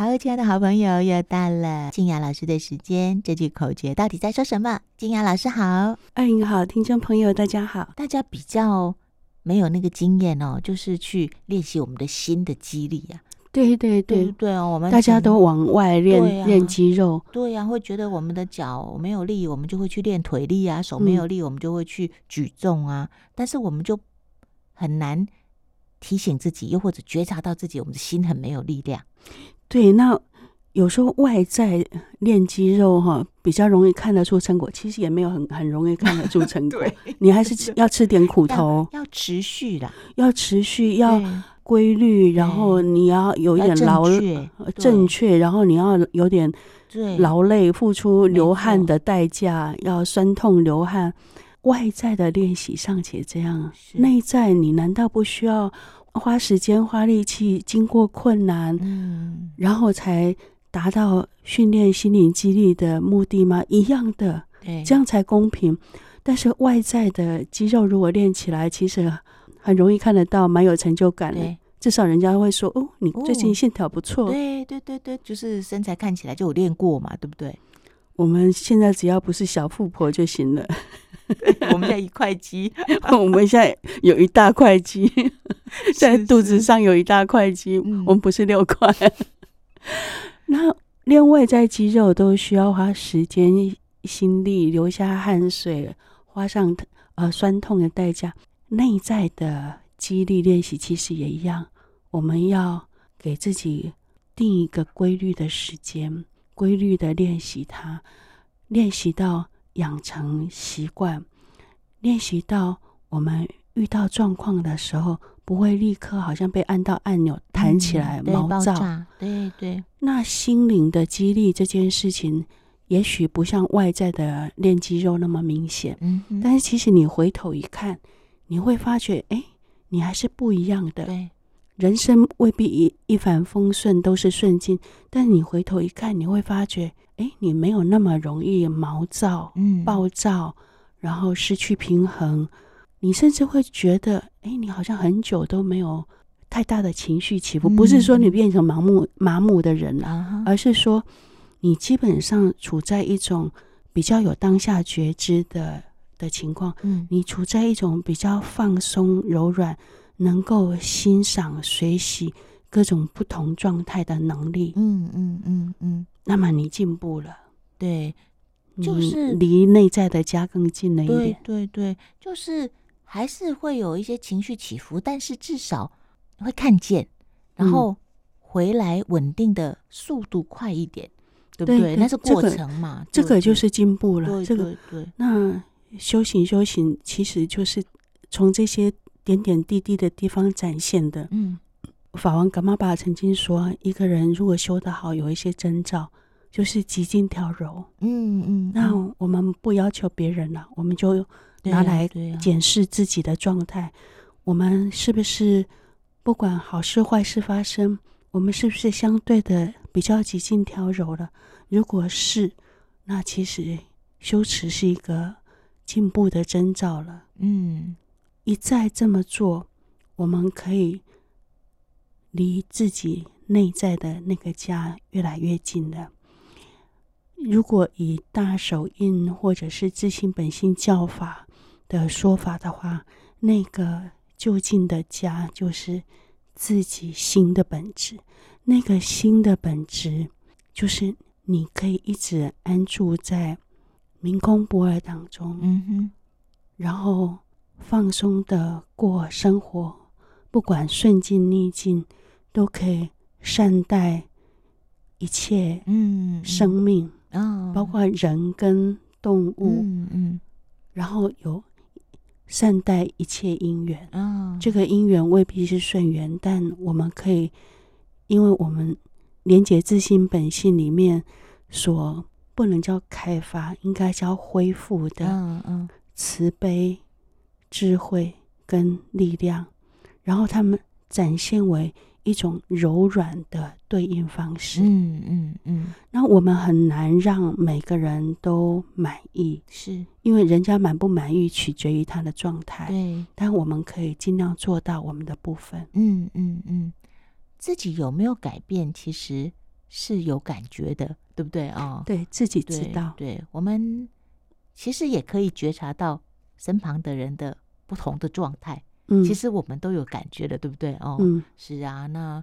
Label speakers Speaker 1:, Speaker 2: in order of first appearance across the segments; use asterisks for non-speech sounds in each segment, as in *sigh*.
Speaker 1: 好，親愛的好朋友，又到了靖雅老師的時間。這句口訣到底在說什麼？靖雅老師好，哎、嗯，你好，聽眾朋友，大家好。大家比較沒有那個經驗哦，就是去練習我們的心的肌力啊。對對對對，對、啊、我們大家都往外練、啊、練肌肉。對呀、啊，會覺得我們的腳沒有力，我們就會去練腿力啊；手沒有力，我們就會去舉重啊。嗯、但是我們就很難提醒自己，又或者覺察到自己，我們的心很沒有力量。對，
Speaker 2: 那有時候外在練肌肉哈，比較容易看得出成果，其實也沒有很很容易看得出成果。 *laughs* 你還是要吃點苦頭，要持續的，要持續，要規律，然後你要有一點勞，正確，正確，然後你要有點勞累，付出流汗的代價，要酸痛流汗。外在的練習尚且這樣，內在你難道不需要？花時間花力氣，經過困難，嗯，然後才達到訓練心靈肌力的目的嗎？一樣的，對，這樣才公平。但是外在的肌肉如果練起來，其實很容易看得到，蠻有成就感的。至少人家會說：“哦，你最近線條不錯。”哦，對對
Speaker 1: 對對，就是身材看起來就有練過嘛，對不對？我們現在只要不是小富
Speaker 2: 婆就行了。我們現在一塊肌， *laughs* 我們現在有一大塊肌。 *laughs* 在肚子上有一大塊肌，我們不是六塊。嗯、 *laughs* 那練外在肌肉都需要花時間、心力、流下汗水、花上呃酸痛的代價。內在的肌力練習其實也一樣，我們要給自己定一個規律的時間，規律的練習它，練習到養成習慣，練習到我們遇到狀況的時候。不會立刻好像被按到按鈕彈起來毛躁、嗯，
Speaker 1: 對對。
Speaker 2: 那心靈的肌力這件事情，也許不像外在的練肌肉那麼明顯、嗯嗯，但是其實你回頭一看，你會發覺，哎，你還是不一樣的。對，人生未必一一帆風順都是順境，但你回頭一看，你會發覺，哎，你沒有那麼容易毛躁、暴躁，然後失去平衡。你甚至會覺得，哎、欸，你好像很久都沒有太大的情緒起伏、嗯，不是說你變成盲目麻木的人了、啊啊，而是說你基本上處在一種比較有當下覺知的的情況、嗯。你處在一種比較放鬆、柔軟，能夠欣賞、隨喜各種不同狀態的能力。嗯嗯嗯嗯，那麼你進步了，對，就是離內在的家更近了一點。對對，對，就
Speaker 1: 是。還是會有一些情緒起伏，但是至少會看見，然後回來穩定的、嗯、
Speaker 2: 速度快一點，對不對？對對那是過程嘛、這個對對，這個就是進步了。對對對對這個對，那修行修行其實就是從這些點點滴滴的地方展現的。嗯，法王噶瑪巴曾經說，一個人如果修得好，有一些徵兆，就是幾經調柔。嗯嗯，那我們不要求別人了，我們就。拿來檢視自己的狀態，啊啊，我們是不是不管好事壞事發生，我們是不是相對的比較極盡調柔了？如果是，那其實修持是一個進步的徵兆了。嗯，一再這麼做，我們可以離自己內在的那個家越來越近了。如果以大手印或者是自性本性教法的說法的話，那個究竟的家就是自己心的本質，那個心的本質就是你可以一直安住在明空不二當中，嗯哼，然後放鬆的過生活，不管順境逆境，都可以善待一切，嗯，生命，mm -hmm. oh. 包括人跟動物，嗯嗯，然後有。善待一切因緣，嗯，這個因緣未必是順緣，但我們可以，因為我們連結自心本性裡面所不能叫開發，應該叫恢復的，嗯嗯，慈悲、智慧跟力量，然後它們展現為。一種柔軟的對應方式。嗯嗯嗯。那我們很難讓每個人都滿意，是因為人家滿不滿意取決於他的狀態。對，但我們可以盡量做到我們的部分。嗯嗯嗯。自己有沒有改變，其實
Speaker 1: 是有感覺的，對不對哦。對，自己知道。對，對。我們其實也可以覺察到身旁的人的不同的狀態。其實我們都有感覺的，對不對？哦、嗯，是啊。那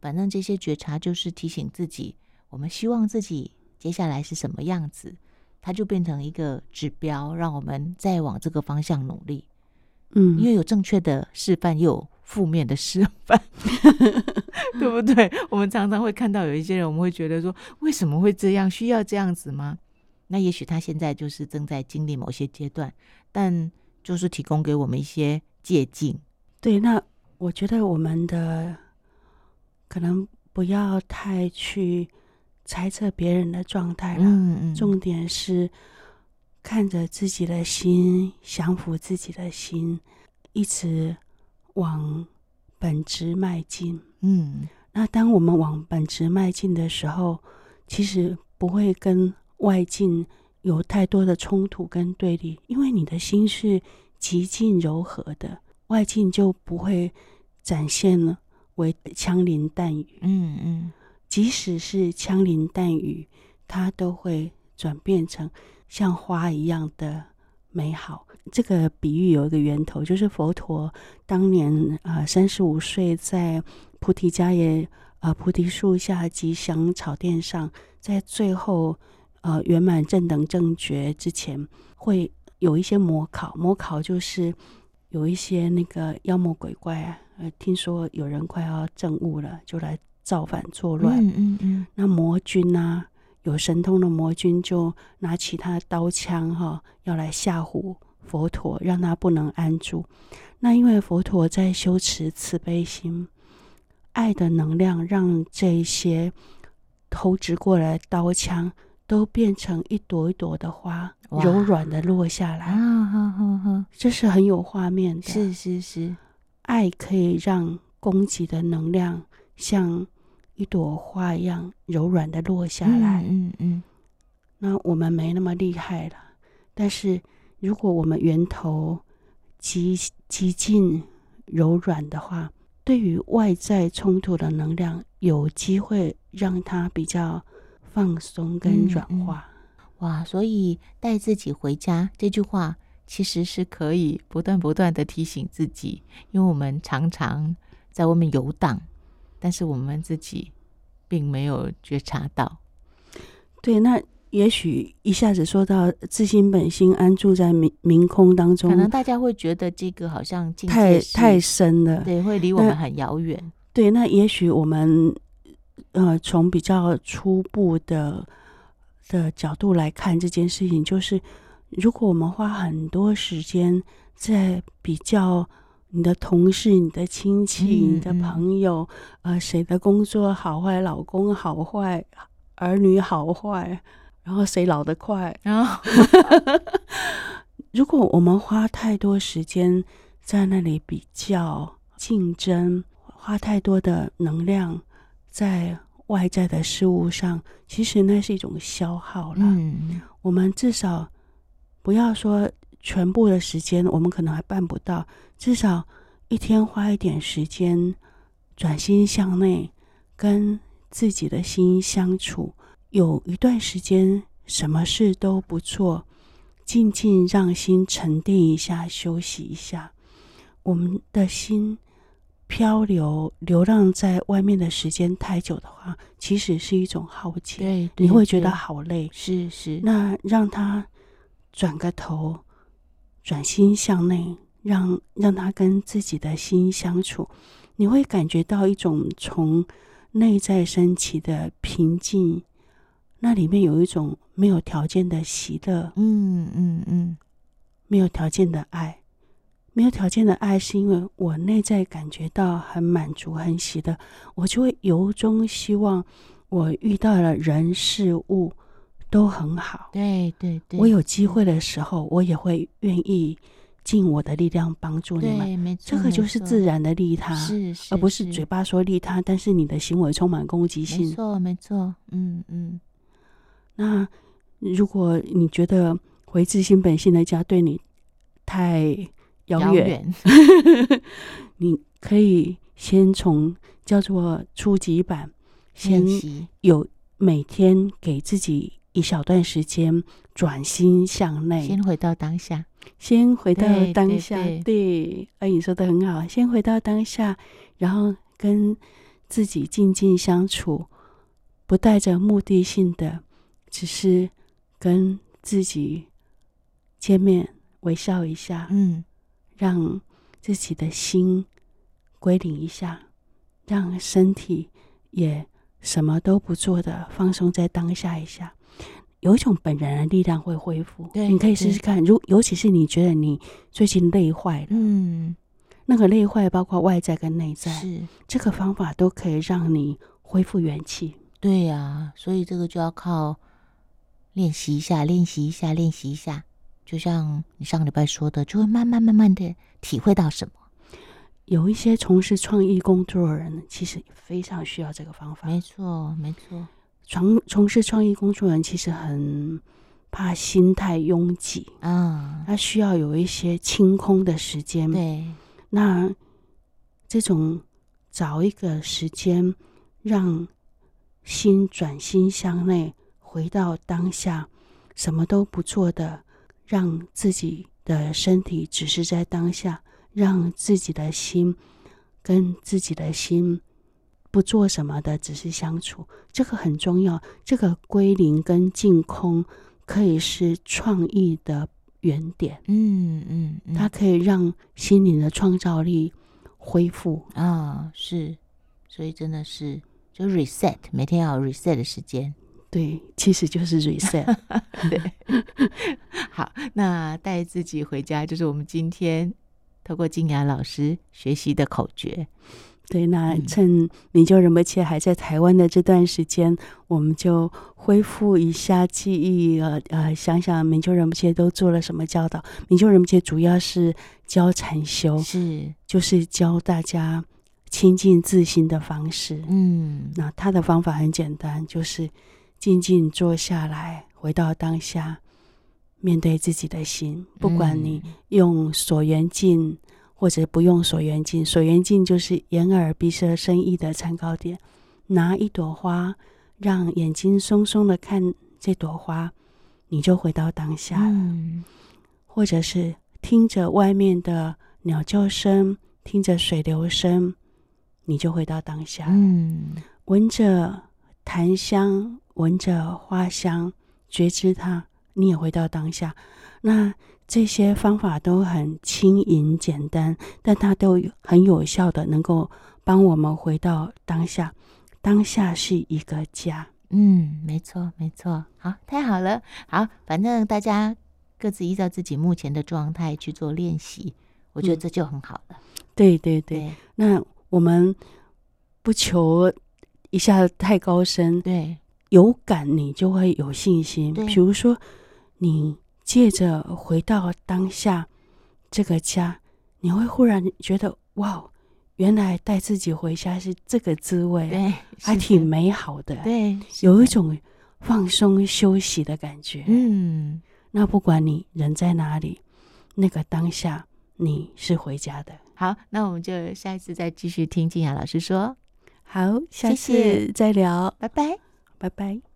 Speaker 1: 反正這些覺察就是提醒自己，我們希望自己接下來是什麼樣子，它就變成一個指標，讓我們再往這個方向努力。嗯，因為有正確的示範，又有負面的示範、嗯， *laughs* 對不對？ *laughs* 我們常常會看到有一些人，我們會覺得說，為什麼會這樣？需要這樣子嗎？那也許他現在就是正在經歷某些階段，但就是提供給我們一些。借鏡，
Speaker 2: 對，那我覺得我們的可能不要太去猜測別人的狀態了。嗯嗯。重點是看着自己的心，降服自己的心，一直往本質邁進。嗯，那當我們往本質邁進的時候，其實不會跟外境有太多的衝突跟對立，因為你的心是。極盡柔和的，外境就不會展現了為槍林彈雨。嗯嗯，即使是槍林彈雨，它都會轉變成像花一樣的美好。這個比喻有一個源頭，就是佛陀當年啊，三十五歲在菩提迦耶啊菩提樹下吉祥草墊上，在最後呃圓滿正等正覺之前會有一些魔考，魔考就是有一些那個妖魔鬼怪啊，呃，聽說有人快要證悟了，就來造反作亂、嗯嗯嗯。那魔君呢、啊？有神通的魔君就拿起他的刀槍哈、哦，要來嚇唬佛陀，讓他不能安住。那因為佛陀在修持慈悲心、愛的能量，讓這一些投擲過來刀槍。都變成一朵一朵的花，柔軟的落下來。這是很有畫面的。是是是，是，愛可以讓攻擊的能量像一朵花一樣柔軟的落下來。嗯嗯，那我們沒那麼厲害了，但是如果我們源頭極極盡柔軟的話，對於外在衝突的能量，有機會讓它比較。放鬆跟軟化、嗯嗯，哇！所以帶自己
Speaker 1: 回家這句話，其實是可以不斷不斷的提醒自己，因為我們常常在外面遊蕩，但是我們自己並沒有覺察到。
Speaker 2: 對，那也許一下子說到自心本心安住在明明空當中，可能大
Speaker 1: 家會覺得這個好像太太深了，對，會離我們很遙遠。
Speaker 2: 對，那也許我們。呃，從比較初步的的角度來看這件事情，就是如果我們花很多時間在比較你的同事、你的親戚、嗯嗯嗯，你的朋友，呃，誰的工作好壞，老公好壞，兒女好壞，然後誰老得快，然後 *laughs* *laughs* 如果我們花太多時間在那裡比較競爭，花太多的能量。在外在的事物上，其實那是一種消耗啦、嗯。我們至少不要說全部的時間，我們可能還辦不到。至少一天花一點時間，轉心向內，跟自己的心相處，有一段時間什麼事都不做，靜靜讓心沉澱一下，休息一下，我們的心。漂流流浪在外面的時間太久的話，其實是一種耗竭，你會覺得好累。是、是，那讓他轉個頭，轉心向內，讓讓他跟自己的心相處，你會感覺到一種從內在升起的平靜。那裡面有一種沒有條件的喜樂。嗯嗯嗯，沒有條件的愛。沒有條件的愛，是因為我內在感覺到很滿足、很喜的，我就會由衷希望我遇到了人事物都很好。對對對，我有機會的時候，我也會願意盡我的力量幫助你們。這個就是自然的利他，是利他是，是，而不是嘴巴說利他，但是你的行為充滿攻擊性。沒錯，沒錯。嗯嗯。那如果你覺得回自心本性的家對你太……遙遠，你可以先從叫做初級版，先有每天給自己一小段時間，轉心向內，先回到當下，先回到當下，對，哎，你說得很好，先回到當下，然後跟自己靜靜相處，不帶着目的性的，只是跟自己見面，微笑一下，嗯。讓自己的心歸零一下，讓身體也什麼都不做的放鬆在當下一下，有一種本人的力量會恢復。對，對，對，你可以試試看。如尤其是你覺得你最近累壞了，嗯，那個累壞包括外在跟內在，是這個方法都可以讓你恢復元氣。對呀，啊，所以這個就要靠練習一下，練習一下，練習一下。
Speaker 1: 就像你上個禮拜說的，就會慢慢慢慢的體會到什麼。有
Speaker 2: 一些從事創意工作的人，其實非常需要這個方法。沒錯，沒錯。從從事創意工作的人其實很怕心太擁擠，啊、嗯，他需要有一些清空的時間。對。那這種找一個時間，讓心轉心向內，回到當下，什麼都不做的。讓自己的身體只是在當下，讓自己的心跟自己的心不做什麼的，只是相處，這個很重要。這個歸零跟淨空可以是創意的原點，嗯嗯，嗯，它可以讓心靈的創造力恢復。啊、哦，是，
Speaker 1: 所以真的是就 reset，每天要 reset 的時間。對，其實就是 reset。對， *laughs* 好，那帶自己回家就是我們今天透過靖雅老師學習的
Speaker 2: 口訣。對，那趁明就仁波切還在台灣的這段時間，嗯、我們就恢復一下記憶呃、呃，想想明就仁波切都做了什麼教導。明就仁波切主要是教禪修，是就是教大家清淨自心的方式。嗯，那他的方法很簡單，就是。靜靜坐下來，回到當下，面對自己的心。嗯、不管你用所緣境，或者不用所緣境，所緣境就是眼耳鼻舌身意的參考點。拿一朵花，讓眼睛鬆松的看這朵花，你就回到當下了。了、嗯。或者是聽着外面的鳥叫聲，聽着水流聲，你就回到當下了。嗯、聞着檀香。聞着花香，覺知它，你也回到當下。那這些方法都很輕盈簡單，但它都很有效的，能夠幫我們回到當下。當下是一個家，嗯，沒錯，沒錯。好，
Speaker 1: 太好了，好，反正大家各自
Speaker 2: 依照自己目前的狀態去做練習，我覺得這就很好了。嗯、對對對，對，那我們不求一下太高深，對。有感，你就會有信心。比如說，你借着回到當下這個家，你會忽然覺得，哇，原來帶自己回家是這個滋味，還挺美好的，對，對。有一種放鬆休息的感覺。嗯，那不管你人在哪裡，那個當下你是回家的。
Speaker 1: 好，那我們就下一次再繼續聽靖雅老師說。好，下次再聊，謝謝，拜拜。拜拜。